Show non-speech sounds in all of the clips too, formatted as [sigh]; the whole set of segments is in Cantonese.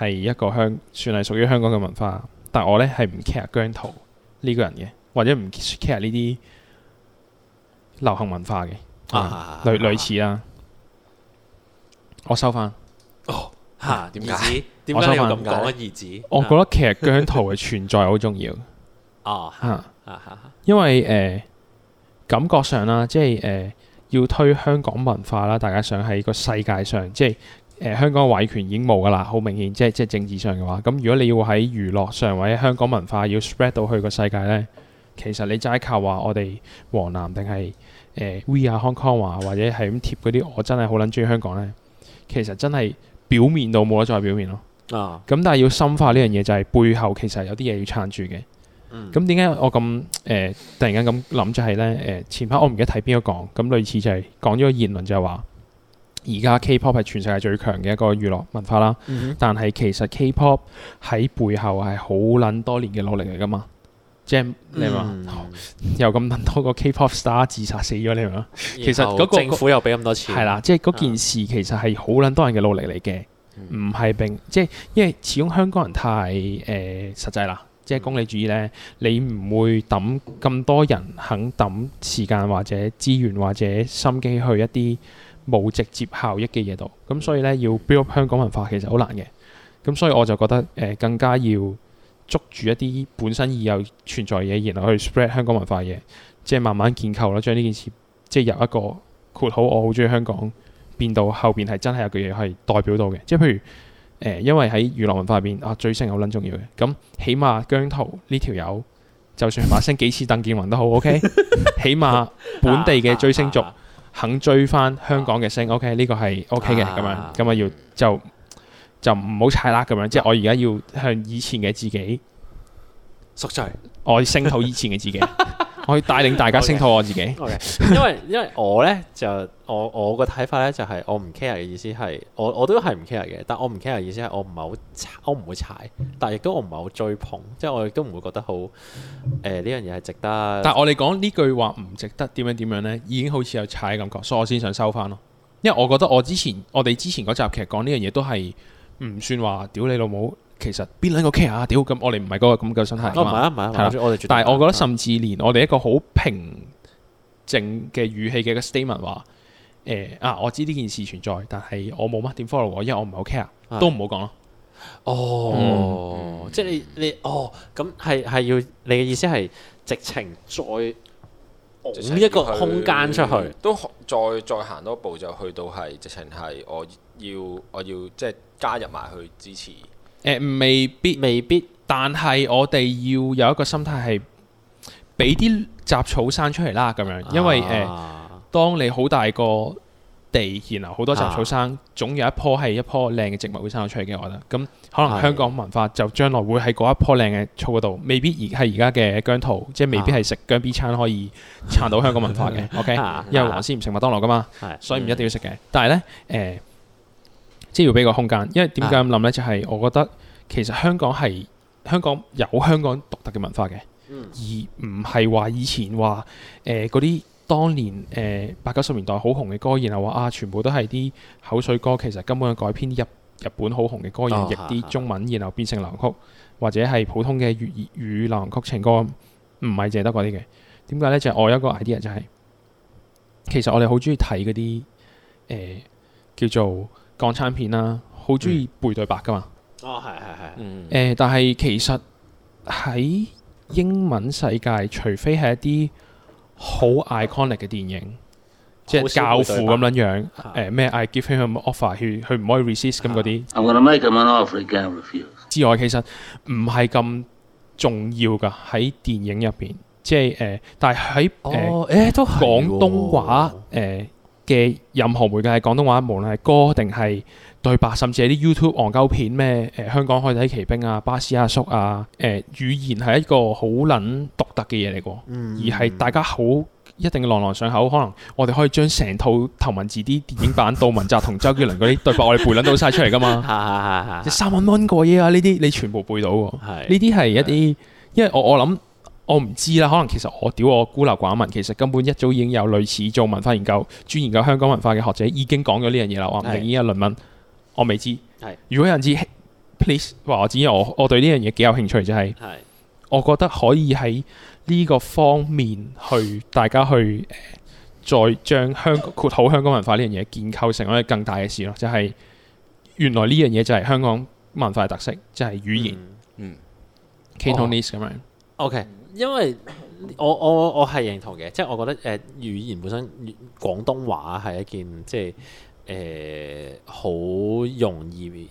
係一個香，算係屬於香港嘅文化。但係我咧係唔 care 姜濤呢個人嘅，或者唔 care 呢啲流行文化嘅，啊啊、類、啊、類似啦、啊。我收翻。哦，吓？點解？點解你咁講啊？我覺得其實姜濤嘅存在好重要。哦、啊，吓、 [laughs] 啊，因為誒、呃、感覺上啦，即係誒、呃、要推香港文化啦，大家想喺個世界上即係。誒、呃、香港嘅威權已經冇㗎啦，好明顯，即係即係政治上嘅話。咁如果你要喺娛樂上或者香港文化要 spread 到去個世界呢，其實你齋靠話我哋黃南定係誒 We Are Hong Kong 話，或者係咁貼嗰啲我真係好撚中意香港呢。其實真係表面到冇得再表面咯。啊！咁但係要深化呢樣嘢，就係背後其實有啲嘢要撐住嘅。嗯。咁點解我咁誒、呃、突然間咁諗就係呢？誒、呃、前排我唔記得睇邊個講，咁類似就係、是、講咗個言論就係話。而家 K-pop 係全世界最強嘅一個娛樂文化啦，嗯、哼但係其實 K-pop 喺背後係好撚多年嘅努力嚟噶嘛 j a、嗯即係、你話有咁撚多個 K-pop star 自殺死咗，你話然後 [laughs] 其實、嗰個、政府又俾咁多錢，係啦，即係嗰件事其實係好撚多人嘅努力嚟嘅，唔係、嗯、並即係、即係、因為始終香港人太誒、呃、實際啦，即係功利主義咧，你唔會抌咁多人肯抌時間或者資源或者心機去一啲冇直接效益嘅嘢度，咁所以呢，要 build up 香港文化其實好難嘅，咁所以我就覺得誒、呃、更加要捉住一啲本身已有存在嘢，然後去 spread 香港文化嘢，即係慢慢建構啦，將呢件事即係由一個括號我好鍾意香港變到後邊係真係有句嘢係代表到嘅，即係譬如誒、呃，因為喺娛樂文化入邊啊，追星好撚重要嘅，咁、嗯、起碼姜濤呢條友就算把聲幾似鄧健泓都好，OK， [laughs] 起碼本地嘅追星族。 [laughs] 肯追翻香港嘅星、啊，OK，呢個係 OK 嘅，咁樣咁啊要就就唔好踩喇咁樣，樣樣啊、即係我而家要向以前嘅自己贖罪，我升到以前嘅自己。我可以帶領大家清套我自己，okay, okay。因為因為我呢，就我我個睇法呢、就係，就係我唔 care 嘅意思係我我都係唔 care 嘅，但我唔 care 意思係我唔係好踩，我唔會踩，但係亦都我唔係好追捧，即係我亦都唔會覺得好呢樣嘢係值得。但係我哋講呢句話唔值得點樣點樣呢，已經好似有踩嘅感覺，所以我先想收翻咯。因為我覺得我之前我哋之前嗰集劇講呢樣嘢都係唔算話屌你老母。其實邊兩個 care 啊？屌咁，我哋唔係嗰個咁嘅身態。唔係啊，唔係啊，我哋絕對。但係我覺得，甚至連我哋一個好平靜嘅語氣嘅一個 statement 話：，誒、呃、啊，我知呢件事存在，但係我冇乜點 follow，因為我唔係好 care，都唔好講咯。哦，即係你你哦，咁係係要你嘅意思係直情再搵一個空間出去，都再再行多一步就去到係直情係我要我要，我要即係加入埋去支持。誒，未必未必，未必但係我哋要有一個心態係，俾啲雜草生出嚟啦，咁樣，因為誒、啊呃，當你好大個地，然後好多雜草生，啊、總有一棵係一棵靚嘅植物會生到出嚟嘅。我覺得，咁、嗯、可能香港文化就將來會喺嗰一棵靚嘅草嗰度，未必而係而家嘅姜濤，即係未必係食姜 B 餐，可以撐到香港文化嘅。啊、 [laughs] OK，因為我先唔食麥當勞噶嘛，啊、所以唔一定要食嘅。嗯、但係呢。誒、呃。即要俾個空間，因為點解咁諗呢？就係、係、我覺得其實香港係香港有香港獨特嘅文化嘅，而唔係話以前話誒嗰啲當年誒八九十年代好紅嘅歌，然後話啊全部都係啲口水歌，其實根本改編日日本好紅嘅歌，然後譯啲中文，然後變成流行曲或者係普通嘅粵語流行曲情歌，唔係淨係得嗰啲嘅。點解呢？就係、我有一個 idea 就係、係、其實我哋好中意睇嗰啲誒叫做，港產片啦、啊，好鍾意背對白噶嘛？哦、嗯，係係係。誒，但係其實喺英文世界，除非係一啲好 iconic 嘅電影，即係教父咁樣樣，誒咩、呃、？I give him an offer，佢佢唔可以 resist 咁嗰啲。e an e r h 之外，其實唔係咁重要噶喺電影入邊，即係誒、呃，但係喺誒，誒、呃哦欸、都廣東話誒。嘅任何媒介係廣東話，無論係歌定係對白，甚至係啲 YouTube 戇鳩片咩誒香港海底奇兵啊、巴士阿、啊、叔啊，誒語言係一個好撚獨特嘅嘢嚟㗎，嗯嗯，而係大家好一定朗朗上口。可能我哋可以將成套頭文字 D 電影版杜 [laughs] 汶澤同周杰倫嗰啲對白，我哋背撚到晒出嚟㗎嘛。你 [laughs] 哈三蚊蚊過嘢啊！呢啲你全部背到㗎。呢啲係一啲，因為我我諗。我唔知啦，可能其實我屌我孤陋寡聞，其實根本一早已經有類似做文化研究、專研究香港文化嘅學者已經講咗呢樣嘢啦，話唔定呢一論文的我未知。係的，如果有人知 please 話我知，我我對呢樣嘢幾有興趣，就係、是、我覺得可以喺呢個方面去，大家去再將香括好香港文化呢樣嘢建構成一個更大嘅事咯，就係、是、原來呢樣嘢就係香港文化特色，就係、是、語言，嗯，Can、嗯、tonese 咁樣、哦、的，OK。因為我我我係認同嘅，即係我覺得誒、呃、語言本身廣東話係一件即係誒好容易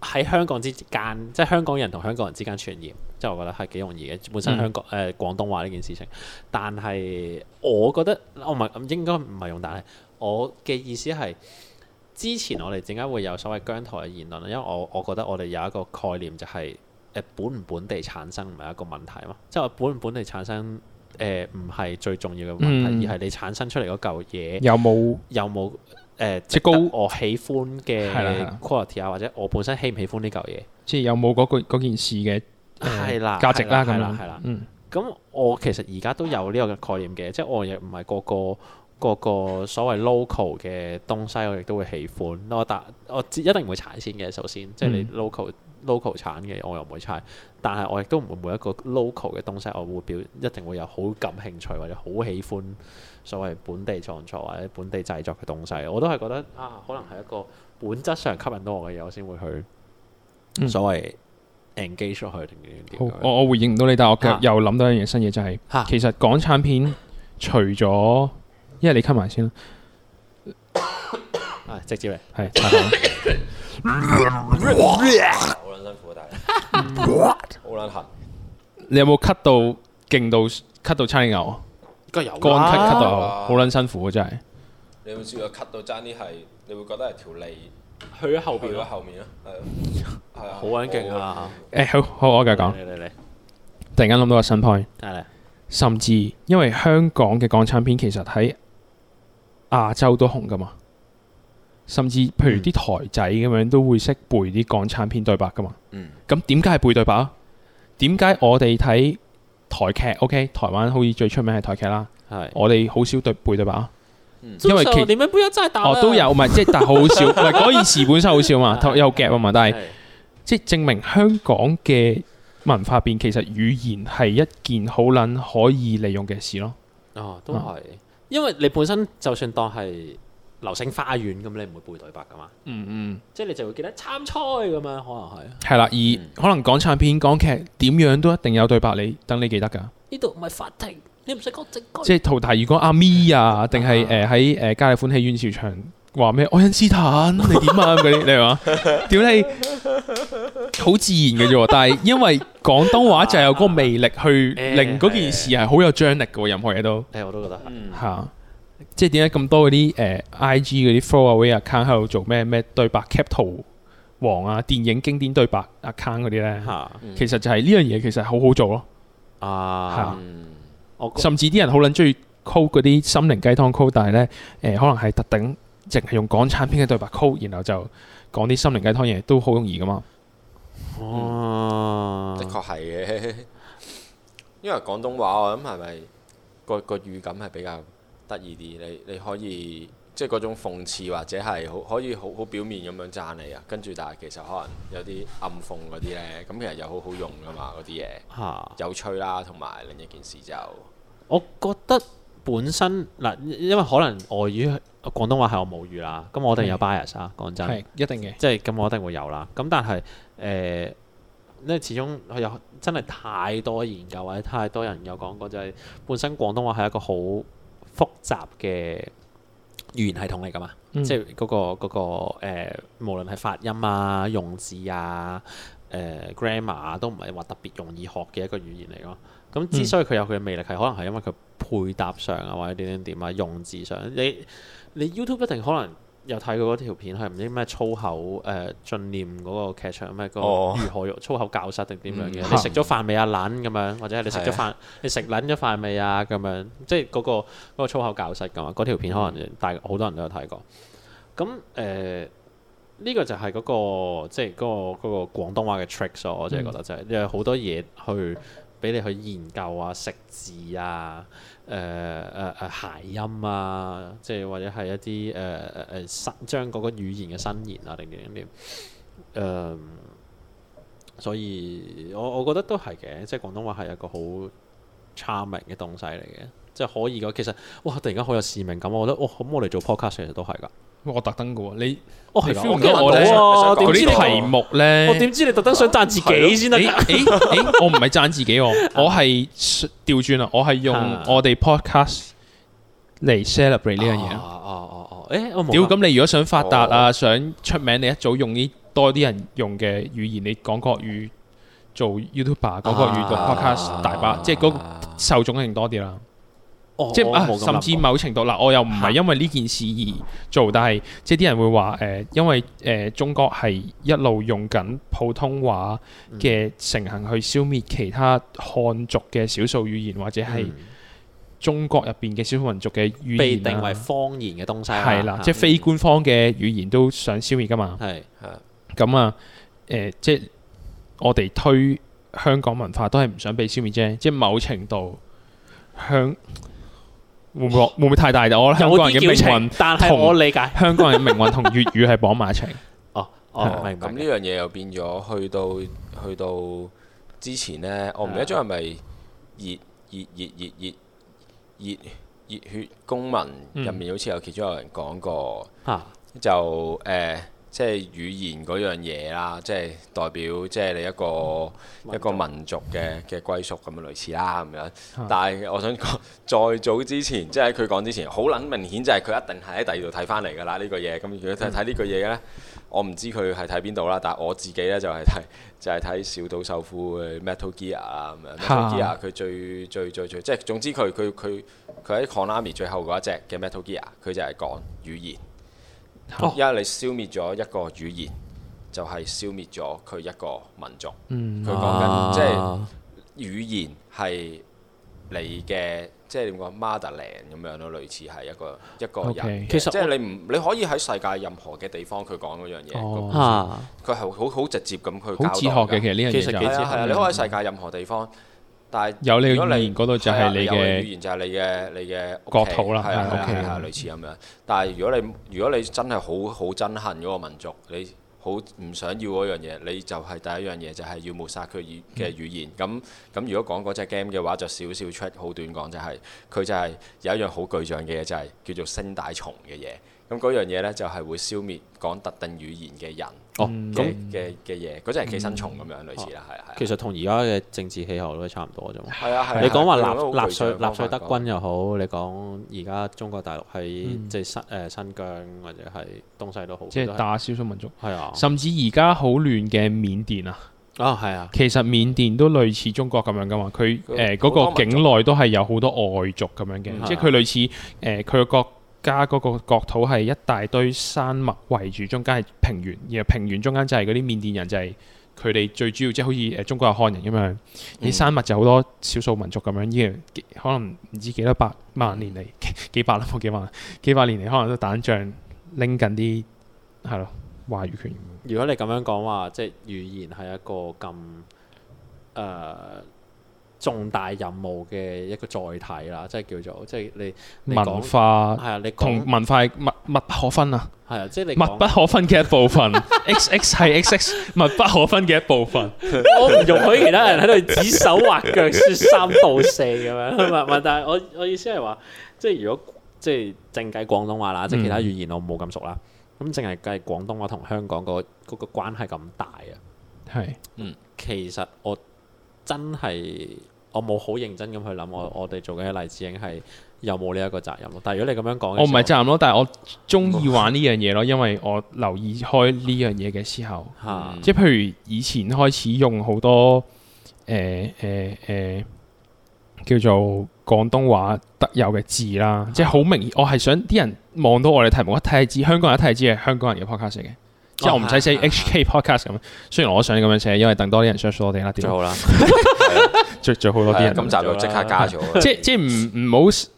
喺香港之間，即係香港人同香港人之間傳染，即係我覺得係幾容易嘅。本身香港誒、嗯呃、廣東話呢件事情，但係我，我，我，我，我，我覺得我唔係咁應該唔係用，但係我嘅意思係之前我哋點解會有所謂姜濤嘅言論咧？因為我我覺得我哋有一個概念就係、是。本唔本地產生唔係一個問題嘛？即係話本唔本地產生，誒唔係最重要嘅問題，嗯、而係你產生出嚟嗰嚿嘢有冇有冇誒即高我喜歡嘅 quality 啊，或者我本身喜唔喜歡呢嚿嘢？即係有冇嗰、嗰個、件事嘅係啦價值啦咁樣係啦。咁、嗯、我其實而家都有呢個概念嘅、嗯，即係我亦唔係個個個個所謂 local 嘅東西，我亦都會喜歡。我但我，我一定會踩線嘅，首先即係、即係、你 local。即係你 local 產嘅我又唔會猜，但係我亦都唔會每一個 local 嘅東西，我會表一定會有好感興趣或者好喜歡所謂本地創作或者本地製作嘅東西。我都係覺得啊，可能係一個本質上吸引到我嘅嘢，我先會去所謂 engage 落去。去我我回應唔到你，但我又諗到一樣新嘢，就係、是、其實港產片除咗，因為你吸埋先啦， [laughs] 直接嚟係。 [laughs] [laughs] what 好捻難，你有冇 cut 到勁到 cut 到差啲牛啊？梗係有啦，乾 cutcut 到好，好捻辛苦啊！真係。你有冇知道 cut 到差啲係？你會覺得係條脷去咗後邊，喺後面咯，係啊，係啊，好捻勁啊！誒，好好，我繼續講。嚟嚟嚟，突然間諗到個新 point。係啊，甚至因為香港嘅港產片其實喺亞洲都紅噶嘛。甚至，譬如啲台仔咁樣都會識背啲港產片對白噶嘛。嗯。咁點解係背對白啊？點解我哋睇台劇？OK，台灣好似最出名係台劇啦。係是。我哋好少對背對白啊。少少、嗯。點解唔要再打？哦，都有，唔係即係但係好少，唔係嗰件事。本身好少嘛，有夾啊嘛。但係即係證明香港嘅文化變，其實語言係一件好撚可以利用嘅事咯。哦，都係，嗯、因為你本身就算當係。流星花園咁，你唔會背對白㗎嘛、嗯？嗯嗯，即係你就會記得參賽咁啊，可能係。係啦、嗯，嗯、而可能港產片、港劇點樣都一定有對白，你等你記得㗎。呢度唔係法庭，你唔使講證據。即係陶大，如果阿咪啊，定係誒喺誒嘉禮歡喜院潮場話咩愛因斯坦你點啊嗰啲，你係屌、啊、 [laughs] 你，好 [laughs] 自然嘅啫。但係因為廣東話就係有嗰個魅力去令嗰件事係好有張力嘅喎，任何嘢都。我都覺得係。嚇、嗯！即係點解咁多嗰啲誒 IG 嗰啲 throwaway account 喺度做咩咩對白 cap 圖王啊，電影經典對白 account 嗰啲咧，啊嗯、其實就係呢樣嘢其實好好做咯。啊，啊 Okay. 甚至啲人好撚中意 quote 嗰啲《心靈雞湯》quote 但係咧誒，可能係特定淨係用港產片嘅對白 quote，然後就講啲《心靈雞湯》嘢都好容易噶嘛。哦、啊嗯，的確係嘅，因為廣東話我諗係咪個個語感係比較？得意啲，你你可以即係嗰種諷刺或者係好可以好好表面咁樣讚你啊，跟住但係其實可能有啲暗諷嗰啲呢，咁其實又好好用㗎嘛嗰啲嘢，有趣啦，同埋另一件事就我覺得本身嗱，因為可能外語廣東話係我母語啦，咁我一定有 bias 啊是，講真係一定嘅，即係咁我一定會有啦。咁但係誒，因、呃、為始終有真係太多研究或者太多人有講過，就係、是、本身廣東話係一個好。複雜嘅語言系統嚟㗎嘛？嗯、即係嗰個嗰個誒、呃，無論係發音啊、用字啊、呃、grammar、啊、都唔係話特別容易學嘅一個語言嚟咯。咁之所以佢有佢嘅魅力，係可能係因為佢配搭上啊，或者點點點啊，用字上你你 YouTube 一定可能。有睇過嗰條片，係唔知咩粗口誒、呃、進念嗰個劇場咩個如何粗口教室定點樣嘅？Oh. 你食咗飯未啊？撚咁樣，或者係你食咗飯？的你食撚咗飯未啊？咁樣，即係、嗰、嗰、個嗰個粗口教室咁嘛？嗰條片可能大好多人都有睇過。咁誒，呢、呃呢個就係嗰、嗰個即係、嗰、嗰個嗰、嗰個廣東話嘅 tricks 咯、啊。我真係覺得、嗯、就係有好多嘢去。俾你去研究啊，食字啊，誒誒誒諧音啊，即係或者係一啲誒誒誒新將嗰個語言嘅新言啊，定點點點誒，所以我我覺得都係嘅，即係廣東話係一個好 charming 嘅東西嚟嘅，即係可以嘅。其實哇，突然間好有使命感，我覺得哇，咁我嚟做 podcast 其實都係㗎。我特登㗎喎，你哦係 feel 唔到我咧？我啲題目咧，我點知你特登想讚自己先得？誒誒誒，我唔係讚自己，我我係調轉啦，我係用我哋 podcast 嚟 celebrate 呢樣嘢。哦哦哦，誒、啊，屌、啊，咁、啊欸、你如果想發達啊，啊想出名，你一早用啲多啲人用嘅語言，你講國語做 YouTuber，講國語做、啊、podcast 大把，啊、即係嗰受眾型多啲啦。哦、即甚至某程度嗱，我又唔係因為呢件事而做，的但係即係啲人會話誒、呃，因為誒、呃、中國係一路用緊普通話嘅成行去消滅其他漢族嘅少數語言，或者係中國入邊嘅少數民族嘅語言、啊、被定為方言嘅東西、啊。係啦、啊，即係非官方嘅語言都想消滅㗎嘛。係咁的、嗯、啊誒、呃，即係我哋推香港文化都係唔想被消滅啫。即係某程度香。會唔會會唔會太大？我香港人嘅命運，但係我理解香港人嘅命運同粵語係綁埋一齊。 [laughs] 哦，哦，是明白。咁呢樣嘢又變咗，去到去到之前呢，我唔記得咗係咪熱熱熱熱熱熱血公民入面，好似有其中有人講過，嗯、就誒。呃即係語言嗰樣嘢啦，即係代表即係你一個族一個民族嘅嘅歸屬咁樣類似啦，咁樣。但係我想講，再早之前，即係喺佢講之前，好撚明顯就係佢一定係喺第二度睇翻嚟㗎啦呢個嘢。咁如果睇睇呢句嘢嘅咧，我唔知佢係睇邊度啦。但係我自己咧就係睇就係、是、睇小島秀夫 Metal Gear 啊 Metal Gear 佢最最最最即係總之佢佢佢佢喺 Konami 最後嗰一隻嘅 Metal Gear，佢就係講語言。因為你消滅咗一個語言，就係消滅咗佢一個民族。佢講緊即係語言係你嘅，即係點講？Motherland 咁樣咯，類似係一個一個人。其實我即係你唔你可以喺世界任何嘅地方，佢講嗰樣嘢佢係好好直接咁去講。好哲學嘅其實呢樣嘢就係啊！你可以喺世界任何地方。但你有你嘅語言嗰度，就係你嘅語言，啊、就係你嘅你嘅國土啦，係屋企係類似咁樣。但係如果你如果你真係好好憎恨嗰個民族，你好唔想要嗰樣嘢，你就係第一樣嘢就係要抹殺佢語嘅語言。咁咁、嗯、如果講嗰隻 game 嘅話，就少少出好短講就係、是、佢就係有一樣好具象嘅嘢，就係、是、叫做聲帶蟲嘅嘢。咁嗰樣嘢呢，就係會消滅講特定語言嘅人，哦，嘅嘅嘢，嗰陣係寄生蟲咁樣，類似啦，係係。其實同而家嘅政治氣候都差唔多啫嘛。係啊，係你講話納納粹德軍又好，你講而家中國大陸喺即係新誒新疆或者係東西都好，即係打少數民族。係啊。甚至而家好亂嘅緬甸啊！啊係啊！其實緬甸都類似中國咁樣噶嘛，佢誒嗰個境內都係有好多外族咁樣嘅，即係佢類似誒佢個。加嗰個國土係一大堆山脈圍住，中間係平原，然後平原中間就係嗰啲緬甸人就係佢哋最主要，即、就、係、是、好似誒中國漢人咁樣，啲、嗯、山脈就好多少數民族咁樣，呢樣可能唔知幾多百萬年嚟幾百冇幾萬幾百年嚟，可能都打仗拎緊啲係咯話語權。如果你咁樣講話，即係語言係一個咁誒。呃重大任務嘅一個載體啦，即係叫做，即係你文化係啊，你同文化密密不可分啊，係啊，即係你密不可分嘅一部分。X X 係 X X 密不可分嘅一部分。我唔容許其他人喺度指手畫腳説三道四咁樣，唔唔，但係我我意思係話，即係如果即係淨計廣東話啦，即係其他語言我冇咁熟啦，咁淨係計廣東話同香港個嗰個關係咁大啊？係嗯，其實我。真係我冇好認真咁去諗，我我哋做緊嘅黎智英係有冇呢一個責任咯？但係如果你咁樣講，我唔係責任咯，但係我中意玩呢樣嘢咯，嗯、因為我留意開呢樣嘢嘅時候，嗯嗯、即係譬如以前開始用好多誒誒誒叫做廣東話特有嘅字啦，嗯、即係好明顯，嗯、我係想啲人望到我哋題目，一睇就知香港人一睇就知係香港人嘅 podcast 嘅。即係我唔使寫 HK podcast 咁，雖然我想咁樣寫，因為等多啲人 support 我哋啦，最好啦，最最好多啲人咁集數即刻加咗，即即唔唔好。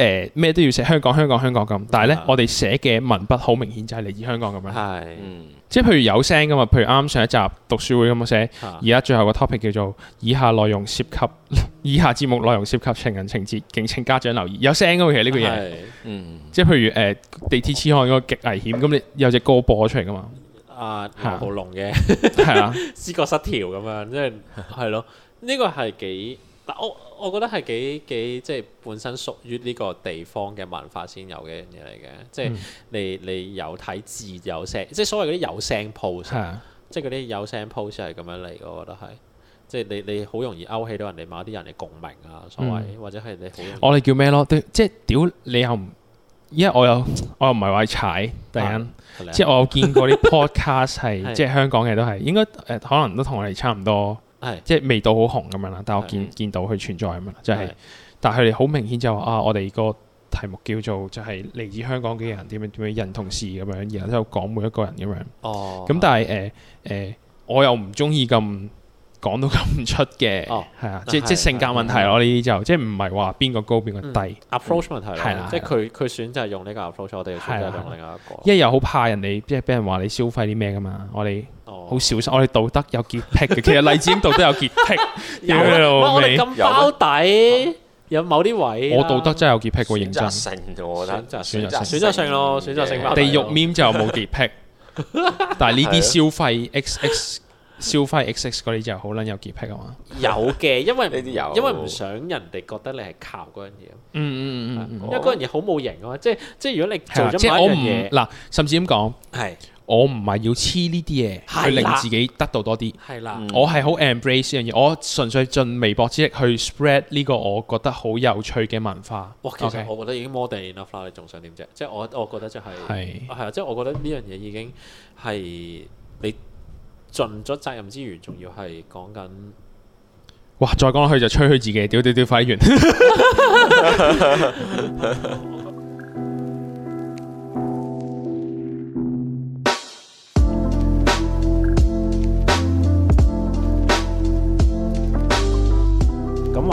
誒咩、eh, 都要寫香港香港香港咁，但係咧、嗯、我哋寫嘅文筆好明顯就係嚟自香港咁樣。係，嗯、即係譬如有聲噶嘛，譬如啱上一集讀書會咁樣寫，而家最後個 topic 叫做以下內容涉及，以下節目內容涉及情人情節，敬請家長留意。有聲噶嘛其實呢個嘢，即係譬如誒地鐵痴漢嗰個極危險，咁你有隻歌播出嚟噶嘛？啊，好濃嘅，係啊，思 g 覺 Irene Luther an [laughs] 失調咁樣，即係係咯，呢個係幾。我我覺得係幾幾即係本身屬於呢個地方嘅文化先有嘅一樣嘢嚟嘅，即係你你有睇字有，有聲 post, 的，即係所謂嗰啲有聲 post，即係嗰啲有聲 post 先係咁樣嚟。我覺得係，即係你你好容易勾起到人哋某啲人嘅共鳴啊，所謂或者係你我哋叫咩咯？即係屌你又唔，而家我又我又唔係話踩突然，即係我有見過啲 podcast 係 [laughs] 即係香港嘅都係應該誒、嗯，可能都同我哋差唔多。係，是即係未到好紅咁樣啦，但係我見的見到佢存在咁樣，就係、是，的但係佢哋好明顯就話啊，我哋個題目叫做就係嚟自香港嘅人點的樣點樣人同事咁樣，然後之後講每一個人咁樣。哦。咁但係誒誒，我又唔中意咁。講到咁唔出嘅，係啊，即係即係性格問題咯。呢啲就即係唔係話邊個高邊個低。approach 問題係啦，即係佢佢選擇用呢個 approach，我哋選擇用另一個。因為又好怕人哋，即係俾人話你消費啲咩㗎嘛？我哋好小心，我哋道德有潔癖嘅。其實荔枝道德都有潔癖。哇，我哋咁包底，有某啲位。我道德真係有潔癖過認真。選擇性我覺得，選擇性咯，選擇性。地獄面就冇潔癖，但係呢啲消費 XX。消費 XX 嗰啲就好撚有潔癖㗎嘛？有嘅，因為因為唔想人哋覺得你係靠嗰樣嘢。嗯嗯嗯，因為嗰樣嘢好冇型啊嘛。即係即係如果你做咗某一樣嘢，我唔嗱，甚至咁講，係我唔係要黐呢啲嘢去令自己得到多啲。係啦，我係好 embrace 呢樣嘢。我純粹盡微薄之力去 spread 呢個我覺得好有趣嘅文化。哇，其實我覺得已經 more than enough 啦。你仲想點啫？即係我我覺得就係係係啊，即係我覺得呢樣嘢已經係你。盡咗責任之餘，仲要係講緊，哇！再講落去就吹佢自己，屌屌屌廢完。 [laughs] [laughs] [laughs]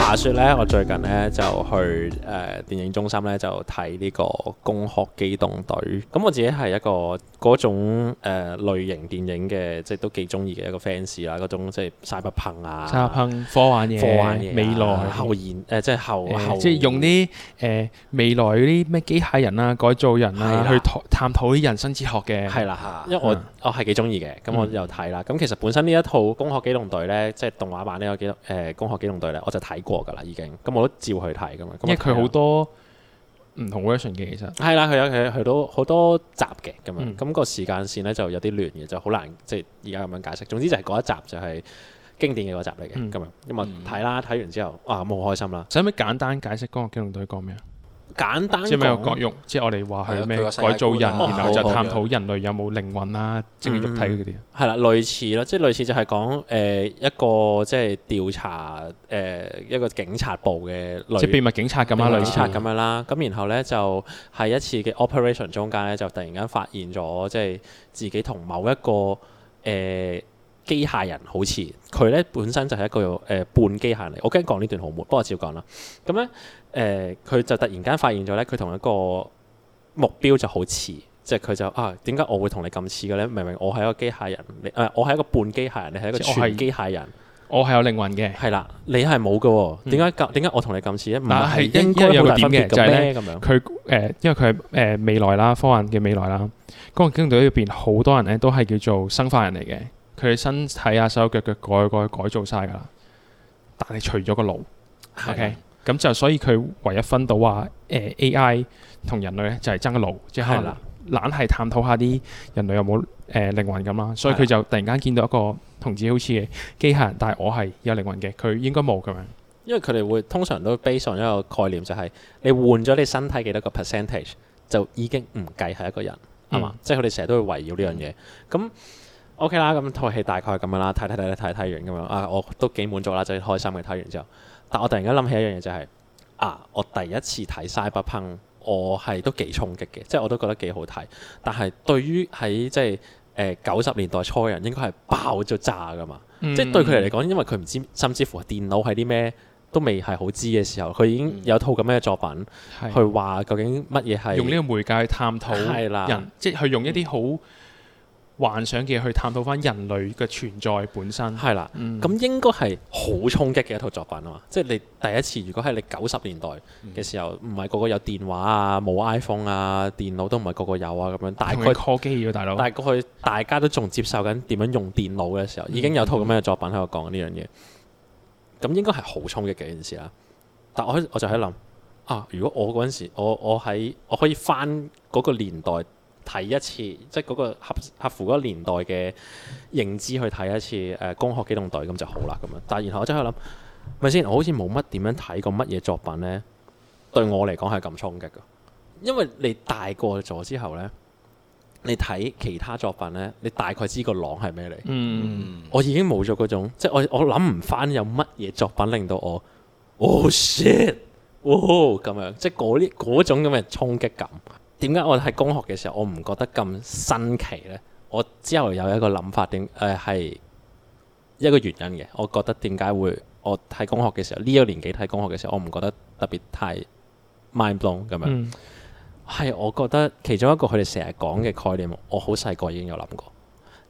話説咧，我最近咧就去誒、呃、電影中心咧就睇呢個攻殼機動隊。咁、嗯、我自己係一個嗰種誒、呃、類型電影嘅，即係都幾中意嘅一個 fans 啦。嗰種即係 cyberpunk 啊，cyberpunk 科幻嘢，科幻嘢未來後現誒、呃、即係後後、呃、即係用啲誒、呃、未來啲咩機械人啊、改造人啊,啊去探討啲人生哲學嘅。係啦、啊，吓、啊，因為我我係幾中意嘅，咁我又睇啦。咁、嗯、其實本身呢一套《攻殼機動隊》咧，即係動畫版呢個幾多誒《攻殼機動隊》呢咧、呃，我就睇過。已經咁我都照去睇噶嘛，因為佢好多唔同 version 嘅，其實係啦，佢有佢去到好多集嘅咁、嗯、樣，咁個時間線咧就有啲亂嘅，就好難即係而家咁樣解釋。總之就係嗰一集就係經典嘅嗰集嚟嘅咁樣，咁啊睇啦，睇、嗯、完之後啊，咁好開心啦！想唔想簡單解釋個《攻殼機動隊》講咩啊？簡單，即係咩啊？國肉，即係我哋話係咩改造人，然後就探討人類有冇靈魂啦、啊，即係肉體嗰啲。係啦，類似啦，即係類似就係講誒一個即係調查誒、呃、一個警察部嘅，即係秘密警察咁啊，警察咁樣啦。咁然後咧就喺一次嘅 operation 中間咧，就突然間發現咗即係自己同某一個誒。呃機械人好似佢咧，本身就係一個誒、呃、半機械人嚟。我驚講呢段好悶，不過照講啦。咁咧誒，佢、呃、就突然間發現咗咧，佢同一個目標就好似，即係佢就，是、就啊，點解我會同你咁似嘅咧？明明我係一個機械人，你誒、呃、我係一個半機械人，你係一個全機械人，我係有靈魂嘅，係啦，你係冇嘅。點解點解我同你咁似咧？唔係、啊、應該有分別嘅咩咁樣？佢誒，因為佢誒、就是、嗎未來啦，科幻嘅未來啦，嗰個機動隊入邊好多人咧都係叫做生化人嚟嘅。佢身體啊、手腳腳改改改造晒噶啦，但係除咗個腦是的，OK，咁就所以佢唯一分到話，誒、呃、AI 同人類咧就係爭個腦，即係啦，懶係探討下啲人類有冇誒、呃、靈魂咁啦、啊。所以佢就突然間見到一個同自己好似嘅機械人，但係我係有靈魂嘅，佢應該冇咁樣。因為佢哋會通常都 base 上一個概念、就是，就係你換咗你身體幾多個 percentage，就已經唔計係一個人係嘛、嗯？即係佢哋成日都會圍繞呢樣嘢咁。OK 啦，咁套戲大概咁樣啦，睇睇睇睇睇完咁樣啊，我都幾滿足啦，就開心嘅睇完之後。但我突然間諗起一樣嘢就係、是、啊，我第一次睇 Cyberpunk，我係都幾衝擊嘅，即係我都覺得幾好睇。但係對於喺即係誒九十年代初嘅人，應該係爆咗炸㗎嘛，嗯、即係對佢嚟講，因為佢唔知，甚至乎電腦係啲咩都未係好知嘅時候，佢已經有套咁樣嘅作品、嗯、去話究竟乜嘢係用呢個媒介去探討人，啦人即係用一啲好。嗯幻想嘅去探討返人類嘅存在本身，係啦了，咁、嗯、應該係好衝擊嘅一套作品啊嘛！即係你第一次，如果係你九十年代嘅時候，唔係、嗯、個個有電話啊，冇 iPhone 啊，電腦都唔係個個有啊咁樣，大概去柯大佬，大過去大，大家都仲接受緊點樣用電腦嘅時候，已經有套咁樣嘅作品喺度講呢樣嘢，咁、嗯、應該係好衝擊嘅一件事啦。但我我就喺諗啊，如果我嗰陣時，我我喺我可以返嗰個年代。睇一次，即係嗰個合合乎嗰年代嘅認知去睇一次誒《攻、呃、殼機動隊》咁就好啦咁樣。但係然後我真係諗，咪先？我好似冇乜點樣睇過乜嘢作品呢？對我嚟講係咁衝擊㗎。因為你大個咗之後呢，你睇其他作品呢，你大概知個囊係咩嚟。嗯。我已經冇咗嗰種，即係我我諗唔翻有乜嘢作品令到我哦、oh, shit，哦、wow、咁樣，即係嗰啲嗰種咁嘅衝擊感。點解我喺攻殼嘅時候我唔覺得咁新奇呢？我之後有一個諗法，點誒係一個原因嘅。我覺得點解會我喺攻殼嘅時候呢一個年紀睇攻殼嘅時候，這個、時候我唔覺得特別太 mind blown 咁樣。係、嗯、我覺得其中一個佢哋成日講嘅概念，我好細個已經有諗過，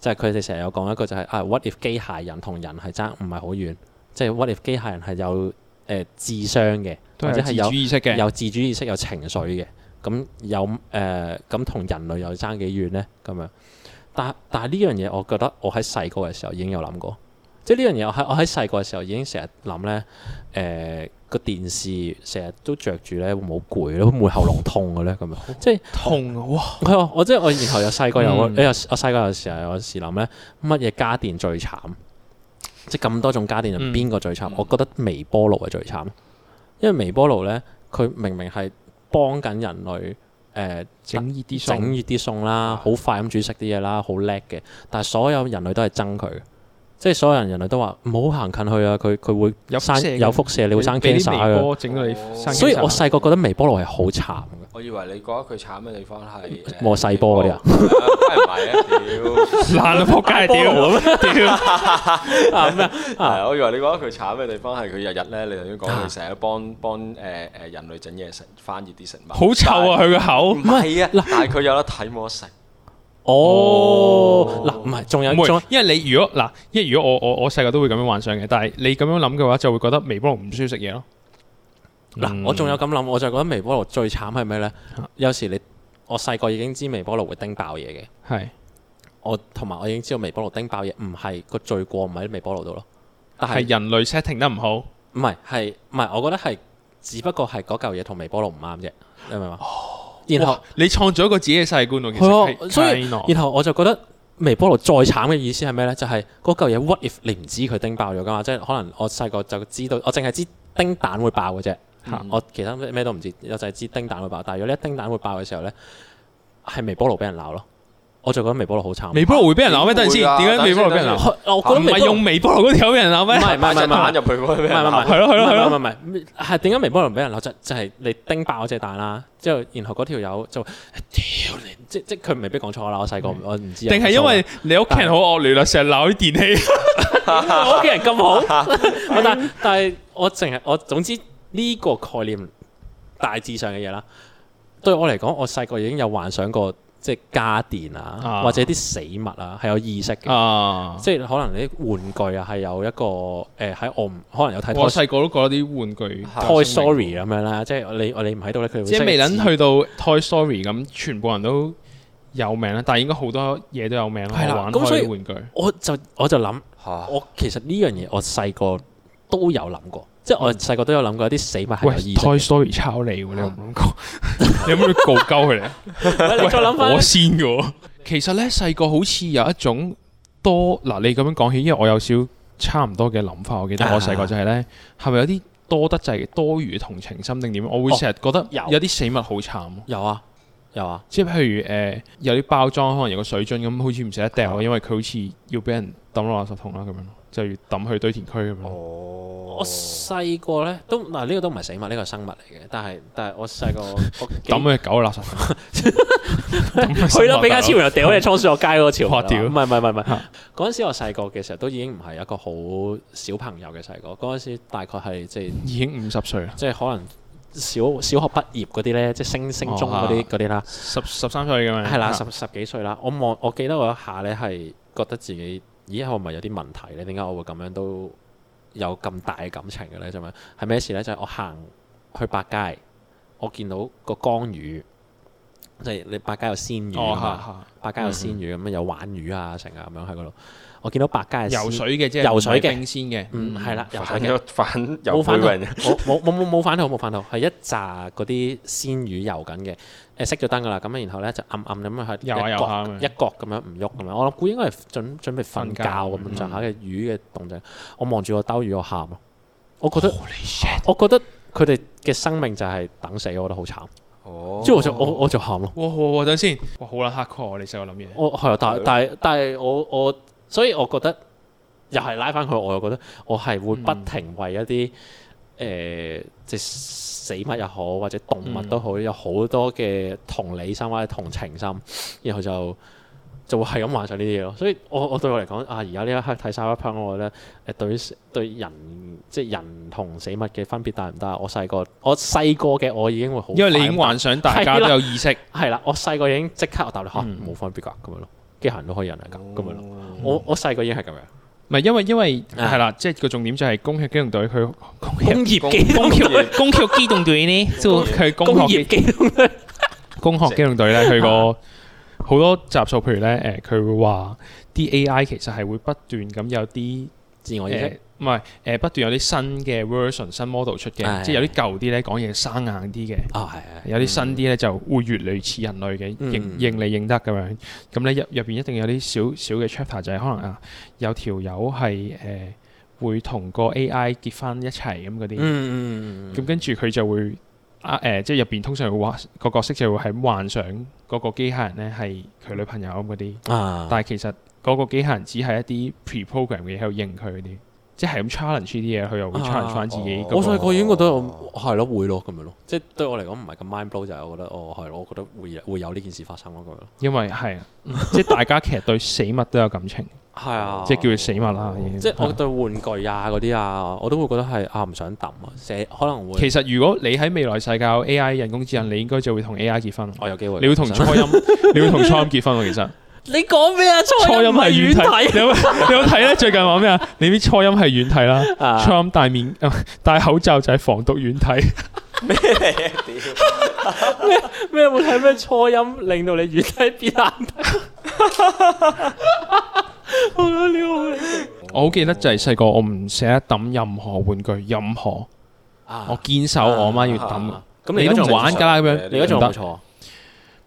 就係佢哋成日有講一個就係、是、what if 機械人同人係差唔係好遠？即、就、係、是、what if 機械人係有、呃、智商嘅，或者有自主意識嘅？」有自主意識、有情緒嘅。咁有誒咁同人類又爭幾遠呢？咁樣，但係但係呢樣嘢，我覺得我喺細個嘅時候已經有諗過，即係呢樣嘢，我喺我喺細個嘅時候已經成日諗呢，誒、呃、個電視成日都着住呢，會唔會攰咧？會唔會喉嚨痛嘅咧？咁樣，即係、哦、痛哇！啊、我我即係我然後有細個有你我細個嘅時候有時諗呢，乜嘢家電最慘？即係咁多種家電，又邊個最慘？嗯嗯、我覺得微波爐係最慘，因為微波爐呢，佢明明係。幫緊人類整依啲餸啦，好快咁煮食啲嘢啦，好叻嘅。但係所有人類都係憎佢。即係所有人，人類都話唔好行近佢啊！佢，佢會有生有輻射，你會生 cancer 所以，我細個覺得微波爐係好慘嘅。我以為你覺得佢慘嘅地方係摸細波嗰啲啊。唔係啊，屌爛到仆街屌！我以為你覺得佢慘嘅地方係佢日日咧，你頭先講佢成日都幫，幫誒人類整嘢食，翻熱啲食物。好臭啊！佢個口唔係啊，但係佢有得睇冇得食。哦，嗱、oh，唔係，仲有因為你如果嗱，因為如果我我我細個都會咁樣幻想嘅，但係你咁樣諗嘅話，就會覺得微波爐唔需要食嘢咯。嗱、嗯，我仲有咁諗，我就覺得微波爐最慘係咩呢？有時你我細個已經知微波爐會叮爆嘢嘅。係是，我同埋我已經知道微波爐叮爆嘢唔係個罪過唔喺微波爐度咯，但係人類 setting 得唔好。唔係，係唔係？我覺得係，只不過係嗰嚿嘢同微波爐唔啱啫，你明嘛？哦然後哇你創造一個自己嘅世觀、哦、其實以中然後我就覺得微波爐再慘嘅意思係咩呢？就係嗰嚿嘢 what if 你唔知佢叮爆咗㗎嘛？即、就、係、是、可能我細個就知道，我淨係知叮蛋會爆嘅啫。嚇、嗯，我其他咩都唔知，我就係知叮蛋會爆。但係如果一叮蛋會爆嘅時候呢，係微波爐俾人鬧咯。我就覺得微波爐好慘。微波爐會俾人鬧咩？等陣先點解微波爐俾人鬧？我覺得唔係用微波爐嗰條友俾人鬧咩？唔係唔係唔係，係咯係咯係咯係唔係，係點解微波爐俾人鬧？就就係你叮爆咗隻蛋啦，之後然後嗰條友就即即佢未必講錯啦。我細個我唔知。定係因為你屋企人好惡劣啦，成日鬧啲電器。我屋企人咁好，但但係我淨係我總之呢個概念大致上嘅嘢啦，對我嚟講，我細個已經有幻想過。即係家電啊，或者啲死物啊，係有意識嘅。啊、即係可能你啲玩具啊，係有一個誒喺、欸、我唔，可能有睇我細個都覺得啲玩具 Toy Story 咁樣啦。即係你你唔喺度咧，佢即係未諗去到 Toy Story 咁，全部人都有名啦。但係應該好多嘢都有名啦。玩開啲玩具，我就我就諗，哈我其實呢樣嘢我細個都有諗過。即係我細個都有諗過有啲死物係喂。喂 Toy Story 抄你喎，啊，啊、你有冇諗過 [laughs] 你有冇去告鳩佢哋啊？ [laughs] 喂 [laughs] 我先嘅。 [laughs] 其實咧，細個好似有一種多嗱、啊，你咁樣講起，因為我有少差唔多嘅諗法，我記得我細個就係、是、咧，係咪、啊啊、有啲多得滯多餘同情心定點？我會成日覺得有啲死物好慘、哦。有啊，有啊。即係譬如誒、呃，有啲包裝可能有個水樽咁，好似唔捨得掉，嗯、因為佢好似要俾人揼落垃圾桶啦咁樣。就要抌去堆填區咁樣。我細個咧都嗱，呢個都唔係死物，呢個係生物嚟嘅。但係但係我細個抌佢狗嘅垃圾，去到比間超又掉喺隻倉鼠落街嗰個潮流。唔係唔係唔係，嗰陣時我細個嘅時候都已經唔係一個好小朋友嘅細個。嗰陣時大概係即係已經五十歲，即係可能小小學畢業嗰啲咧，即係升升中嗰啲嗰啲啦。十十三歲咁樣？係啦，十十幾歲啦。我望我記得我一下咧，係覺得自己。咦，我咪有啲問題咧？點解我會咁樣都有咁大嘅感情嘅咧？就咁樣係咩事咧？就係我行去百佳，我見到個江魚，即係你百佳有鮮魚百佳、哦、有鮮魚咁樣有鯇魚啊，成日咁樣喺嗰度。我見到百佳遊水嘅，即係遊水嘅冰鮮嘅，嗯，係啦，遊水嘅。冇反到冇反，冇冇冇冇反到冇反到，係一紮嗰啲鮮魚遊緊嘅，誒熄咗燈噶啦，咁啊，然後咧就暗暗咁樣喺一角一角咁樣唔喐咁樣，我諗估應該係準準備瞓覺咁上下嘅魚嘅動靜，我望住個兜魚我喊啊。我覺得，我覺得佢哋嘅生命就係等死，我覺得好慘，哦，之後就我我就喊咯，哇哇哇！等先，好撚黑確啊！你成日諗嘢，我係但但係但係我我。所以我覺得又係拉翻佢，我又覺得我係會不停為一啲誒、嗯呃、即死物又好或者動物都好，有好多嘅同理心或者同情心，然後就就會係咁幻想呢啲嘢咯。所以我，我我對我嚟講，啊而家呢一刻睇《沙威潘》，我覺得誒對於對，對人即人同死物嘅分別大唔大？我細個我細個嘅我已經會好因為你已經幻想大家都有意識，係啦，我細個已經即刻我答你吓，冇、啊嗯、分別噶咁樣咯。機械人都可以人嚟咁，咁咪咯。我我細個已經係咁樣，唔係因為因為係啦，即係個重點就係工業機動隊，佢工業機工業工業機動隊呢，做佢工業機動咧。工學機動隊咧，佢個好多集數，譬如咧，誒，佢會話啲 AI 其實係會不斷咁有啲自我意識。唔係誒，不斷有啲新嘅 version 新、新 model 出嘅，即係有啲舊啲咧講嘢生硬啲嘅。Oh, 有啲新啲咧就會越嚟似人類嘅、嗯、認認嚟認得咁樣。咁咧入入邊一定有啲少少嘅 chapter 就係、是、可能啊，有條友係誒會同個 A.I. 結婚一齊咁嗰啲。嗯咁、嗯嗯嗯、跟住佢就會啊誒、呃，即係入邊通常會幻個角色就會係幻想嗰個機械人咧係佢女朋友咁嗰啲。嗯嗯但係其實嗰個機械人只係一啲 pre-program 嘅喺度認佢嗰啲。即係咁 challenge 啲嘢，佢又 challenge 翻自己。我細個已經覺得係咯，會咯咁樣咯。即係對我嚟講唔係咁 mind blow 就係我覺得哦，係咯，我覺得會會有呢件事發生嗰個咯。因為係，即係大家其實對死物都有感情。係啊，即係叫做死物啦。即係我對玩具啊嗰啲啊，我都會覺得係啊，唔想抌啊，寫可能會。其實如果你喺未來世界有 A I 人工智能，你應該就會同 A I 結婚。我有機會，你會同初音，你會同初音結婚啊，其實。你講咩啊？初音係軟體，你有睇咧？最近話咩啊？你啲 [laughs] 初音係軟體啦，初音戴面戴口罩就係防毒軟體咩，屌咩咩，冇睇咩，初音令到你軟體變難睇，好有料啊！我好記得就係細個我唔捨得抌任何玩具，任何、啊、我堅守我媽，媽要抌，咁你都仲玩㗎啦，咁樣你而家仲得？行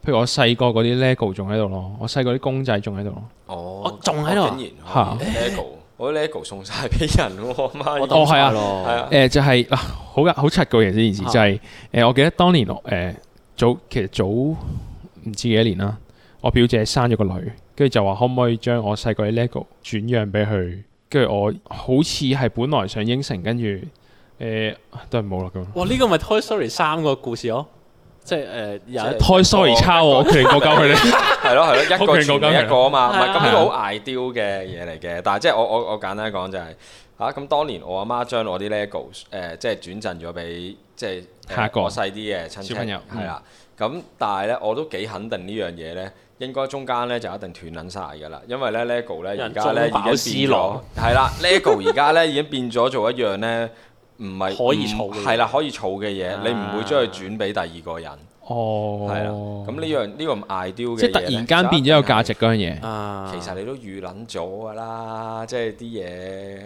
譬如我細個嗰啲 LEGO 仲喺度咯，我細個啲公仔仲喺度咯，我仲喺度吓 LEGO，我 LEGO 送晒俾人，我媽我哦係啊，誒就係啊。好噶好柒個人嘅件、哦、事、啊、就係、是、誒、呃、我記得當年我誒、呃、早其實早唔知幾多年啦，我表姐生咗個女，跟住就話可唔可以將我細個啲 LEGO 轉讓俾佢，跟住我好似係本來想應承，跟住誒都係冇啦咁。哇呢個咪 Toy Story 三個故事咯。即係誒、呃，有胎 sorry 叉我決定過交佢哋。係咯係咯，一個過交一個啊嘛，唔係咁樣好捱屌嘅嘢嚟嘅。那個、但係即係我我我簡單講就係、是、嚇，咁、啊、當年我阿媽將我啲 LEGO 誒、呃，即係轉贈咗俾即係、呃、我細啲嘅親戚朋友係啦。咁、嗯、但係咧，我都幾肯定呢樣嘢咧，應該中間咧就一定斷撚晒㗎啦，因為咧 LEGO 咧而家咧已啦，LEGO 而家咧已經變咗做一樣咧。唔係可以儲係啦，可以儲嘅嘢，啊、你唔會將佢轉俾第二個人。哦、啊，係啦，咁呢樣呢個唔 ideal 嘅嘢，即係突然間變咗有價值嗰樣嘢。啊，其實你都預諗咗㗎啦，即係啲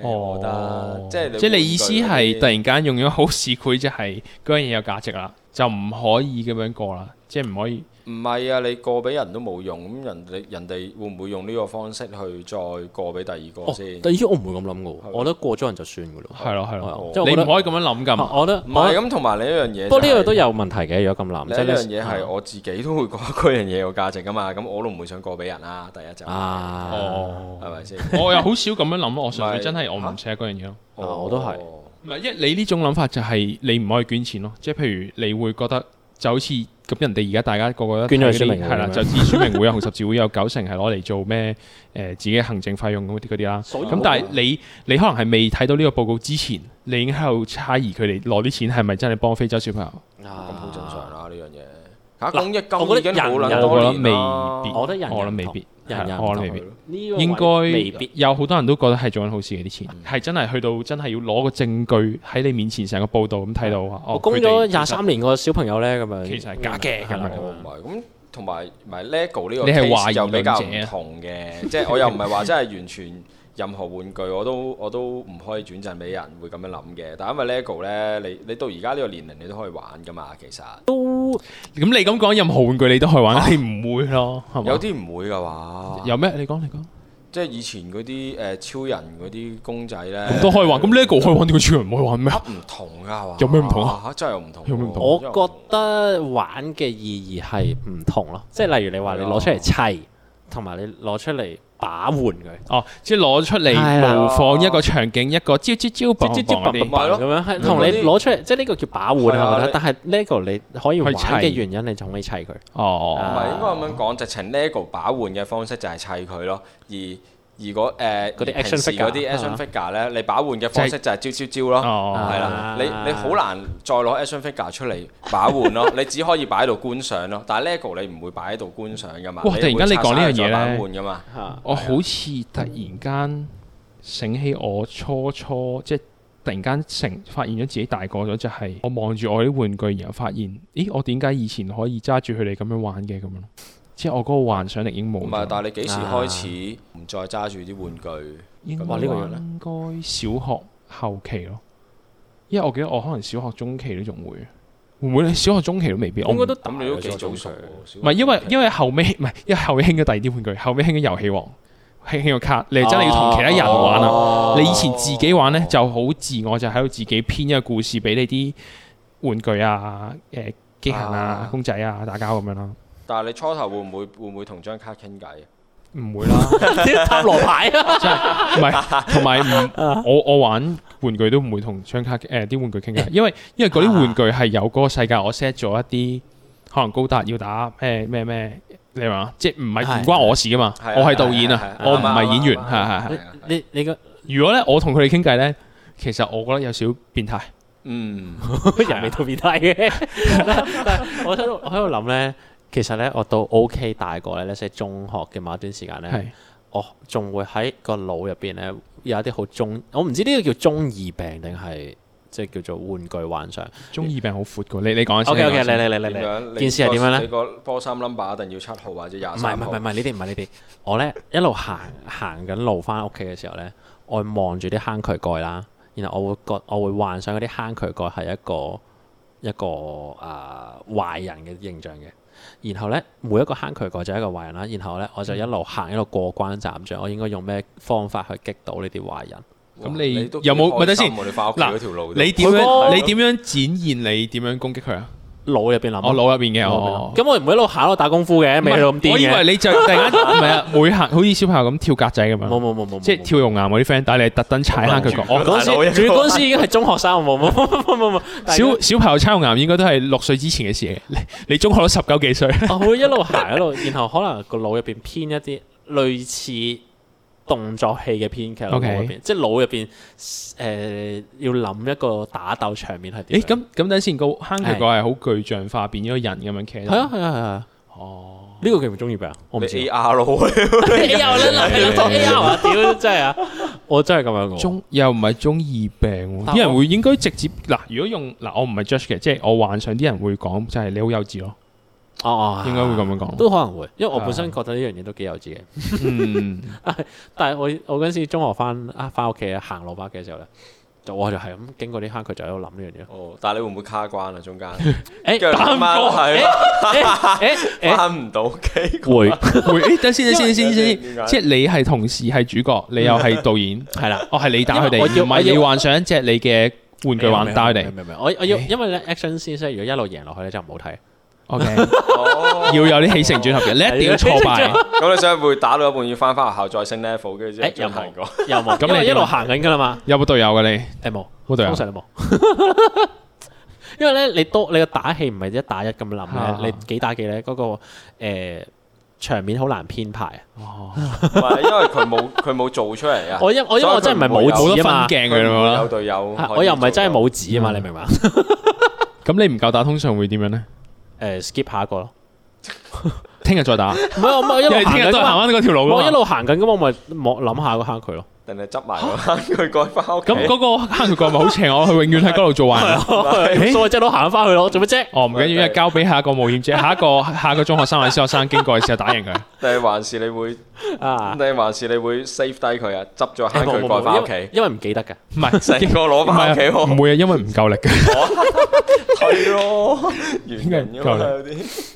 嘢，我覺得，即係即係你意思係突然間用咗好市儈，佢即係嗰樣嘢有價值啦，就唔可以咁樣過啦，即係唔可以。唔係啊！你過俾人都冇用，咁人你人哋會唔會用呢個方式去再過俾第二個先？第二我唔會咁諗嘅，我覺得過咗人就算嘅咯。係咯係咯，你唔可以咁樣諗㗎。我覺得唔係咁，同埋你一樣嘢。不過呢樣都有問題嘅，如果咁諗。即呢樣嘢係我自己都會覺得嗰樣嘢有價值㗎嘛，咁我都唔會想過俾人啊。第一就啊，哦，係咪先？我又好少咁樣諗。我上次真係我唔捨嗰樣嘢咯。我都係唔係？因為你呢種諗法就係你唔可以捐錢咯。即係譬如你會覺得就好似。咁人哋而家大家個個都捐咗啲錢，啦對，嗯、就知宣明會啊紅十字會有九成係攞嚟做咩？誒、呃、自己行政費用嗰啲嗰啲啦。咁但係你 [laughs] 你可能係未睇到呢個報告之前，你已經喺度猜疑佢哋攞啲錢係咪真係幫非洲小朋友？咁好、啊、正常啦呢樣嘢。我覺得未必，我覺得未必。人人都未必，應該有好多人都覺得係做緊好事嘅啲錢，係真係去到真係要攞個證據喺你面前成個報道咁睇到我供咗廿三年個小朋友呢，咁樣，其實係假嘅，係嘛？唔係咁同埋唔係 Lego 呢個又比較唔同嘅，即係我又唔係話真係完全。任何玩具我都我都唔可以轉贈俾人，會咁樣諗嘅。但因為 LEGO 咧，你你到而家呢個年齡，你都可以玩噶嘛，其實都咁你咁講，任何玩具你都可以玩，你唔會咯，係嘛？有啲唔會嘅話，有咩？你講你講，即係以前嗰啲誒超人嗰啲公仔咧，都可以玩。咁 LEGO 可以玩點解超人唔可以玩咩？唔同㗎，係嘛？有咩唔同啊？嚇，真係有唔同。有咩唔同？我覺得玩嘅意義係唔同咯。即係例如你話你攞出嚟砌，同埋你攞出嚟。把玩佢哦，即係攞出嚟模仿一個場景，一個招招招招招品品咁樣，同、嗯、你攞出嚟，即係呢個叫把玩 [music] 但係 LEGO 你可以玩嘅原因，組你仲可以砌佢。哦，唔 [noise] 係樂應該咁樣講，直情 LEGO 把玩嘅方式就係砌佢咯，而。如果啲 action figure 誒嗰啲 Action Figure 咧、啊、你把玩嘅方式就係招招招咯，係啦，你你好難再攞 Action Figure 出嚟把玩咯，啊、你只可以擺喺度觀賞咯。 [laughs] 但係 Lego 你唔會擺喺度觀賞㗎嘛，哇你會揸住再把玩㗎嘛。我好似突然間醒起我初初即係突然間成發現咗自己大個咗，就係、是、我望住我啲玩具，然後發現，咦，我點解以前可以揸住佢哋咁樣玩嘅咁樣？即係我嗰個幻想力已經冇。唔係，但係你幾時開始唔再揸住啲玩具？哎、呀應該呢個應該小學後期咯，因為我記得我可能小學中期都仲會，會唔會你小學中期都未必？我覺得等你都幾早熟。唔係，因為因為後尾唔係，因為後尾興咗第二啲玩具，後尾興咗《遊戲王》，興興個卡，你真係要同其他人玩啊！你以前自己玩呢，啊、就好自我，啊、就喺度自己編一個故事俾你啲玩具啊、誒機械啊、uh, uh, 公仔啊、um, 打交咁樣咯。Uh, uh. 但係你初頭會唔會會唔會同張卡傾偈？唔會啦，啲塔羅牌呀，唔係同埋唔我我玩玩具都唔會同張卡誒啲玩具傾偈，因為因為嗰啲玩具係有嗰個世界，我 set 咗一啲可能高達要打咩咩咩，你明嘛？即係唔係唔關我事噶嘛，我係導演啊，我唔係演員，係係係。你你如果咧我同佢哋傾偈咧，其實我覺得有少少變態，嗯，人未到變態嘅。我喺度我喺度諗咧。其實咧，我都 O K 大個咧，即係中學嘅某一段時間咧，是我仲會喺個腦入邊咧有一啲好中，我唔知呢個叫中二病定係即係叫做玩具幻想。中二病好闊㗎喎，你你講先。O K O K，你你你。嚟嚟 okay,，件事係點樣咧？你個波衫 number 一定要七號或者廿三號。唔係唔係唔係， [laughs] 呢啲唔係呢啲。我咧一路行行緊路翻屋企嘅時候咧，我望住啲坑渠蓋啦，然後我會覺我會幻想嗰啲坑渠蓋係一個一個誒、啊、壞人嘅形象嘅。然後呢，每一個坑渠鬼就一個壞人啦。然後呢，我就一路行一路過關斬將。我應該用咩方法去擊倒呢啲壞人？咁哇你，你都有冇？咪、啊、等先等，嗱，條路你點樣？哥你點樣展現？你點樣攻擊佢啊？腦入邊諗，我腦入邊嘅，咁我唔會一路行一路打功夫嘅，唔係咁癲嘅。我以為你就突然間唔係啊，每行好似小朋友咁跳格仔咁樣。冇冇冇冇，即係跳熔岩嗰啲 friend，但係你特登踩坑佢個。我嗰時，主要嗰時已經係中學生，冇冇冇冇冇。小小朋友踩熔岩應該都係六歲之前嘅事嚟。你你中學都十九幾歲？我會一路行一路，然後可能個腦入邊偏一啲，類似。動作戲嘅編劇即係腦入邊誒要諗一個打鬥場面係點？誒咁咁等先，個坑渠講係好具象化，變咗人咁樣企。係啊係啊係啊！哦，呢個叫唔中二病我唔知，A R 咯？又撚嚟撚去 A R 啊！屌真係啊！我真係咁樣講，中又唔係中二病，啲人會應該直接嗱，如果用嗱，我唔係 judge 嘅，即係我幻想啲人會講就係你好幼稚咯。哦，應該會咁樣講，都可能會，因為我本身覺得呢樣嘢都幾幼稚嘅。嗯，但係我我嗰陣時中學翻啊翻屋企行路巴嘅時候咧，就我就係咁經過啲坑渠，佢就喺度諗呢樣嘢。哦，但係你會唔會卡關啊？中間誒，萬係萬唔到機會。會，等先，等先，先先先即係你係同事，係主角，你又係導演，係啦，哦，係你打佢哋，唔係你幻想，即係你嘅玩具玩打佢哋。明唔明？我我要因為咧 action scenes 如果一路贏落去咧就唔好睇。要有啲起承轉合嘅，你一定要挫敗，咁你所以會打到一半要翻翻學校再升 level，跟住之後又行過，冇，咁你一路行緊噶啦嘛？有冇隊友噶你？冇，冇隊友。通常冇，因為咧你多你個打戲唔係一打一咁諗嘅，你幾打幾咧？嗰個誒場面好難編排啊！因為佢冇佢冇做出嚟啊！我因我因為我真係唔係冇紙啊嘛，有隊友，我又唔係真係冇紙啊嘛，你明嘛？咁你唔夠打，通常會點樣咧？誒、uh, skip 下一個咯，聽日再打。唔係 [laughs] [laughs] 我咪一路行緊嗰條路咯。我一路行緊咁，我咪望諗下個坑渠咯。定係執埋，個坑佢改翻屋企。咁嗰個坑佢改咪好邪？我佢永遠喺嗰度做壞人。所以即係攞行翻去咯，做乜啫？哦，唔緊要，交俾下一個冒險者，下一個下一個中學生或者小學生經過嘅時候打贏佢。定係還是你會啊？定係還是你會 save 低佢啊？執咗坑佢改翻屋企，因為唔記得噶，唔係經過攞翻屋企，唔會啊，因為唔夠力嘅。係咯，原因因為有啲。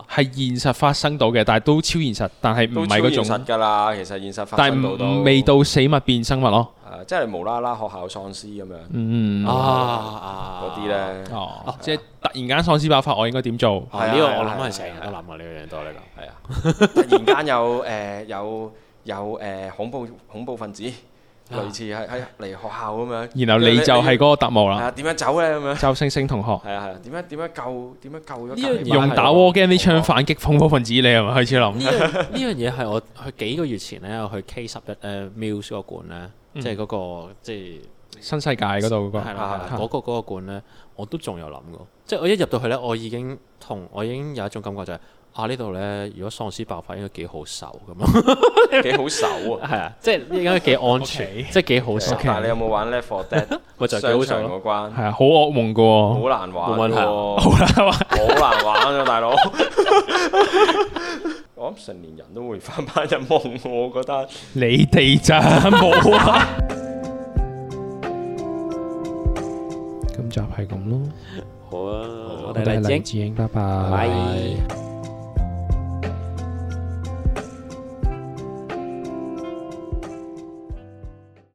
係現實發生到嘅，但係都超現實，但係唔係嗰種噶啦。其實現實發生到都，但係未到死物變生物咯。啊，即係無啦啦學校喪屍咁樣。嗯嗯啊啊，嗰啲咧哦，即係突然間喪屍爆發，我應該點做？係呢個我諗係成日都諗下呢樣嘢多啲噶。係啊，突然間有誒有有誒恐怖恐怖分子。類似係係嚟學校咁樣，然後你就係嗰個特務啦。係啊，點樣走咧咁樣？周星星同學，係啊係啊，點樣點樣救點樣救咗？呢樣用打《War Game》啲槍反擊恐怖分子，你係咪開始諗？呢樣嘢係我去幾個月前咧，我去 K11 誒 MUSEA 個館咧，即係嗰個即係新世界嗰度嗰個，嗰個嗰個館咧，我都仲有諗過。即係我一入到去咧，我已經同我已經有一種感覺就係。啊！呢度咧，如果喪屍爆發應該幾好守咁啊，幾好守啊！係啊，即係應該幾安全，即係幾好守。但你有冇玩 Left 4 Dead？咪就係幾好上嗰關。係啊，好噩夢噶喎，好難玩。好難玩，好難玩啊！大佬，我諗成年人都會翻翻入夢，我覺得。你哋咋？冇啊。今集係咁咯。好啊，我哋黎志英拜拜。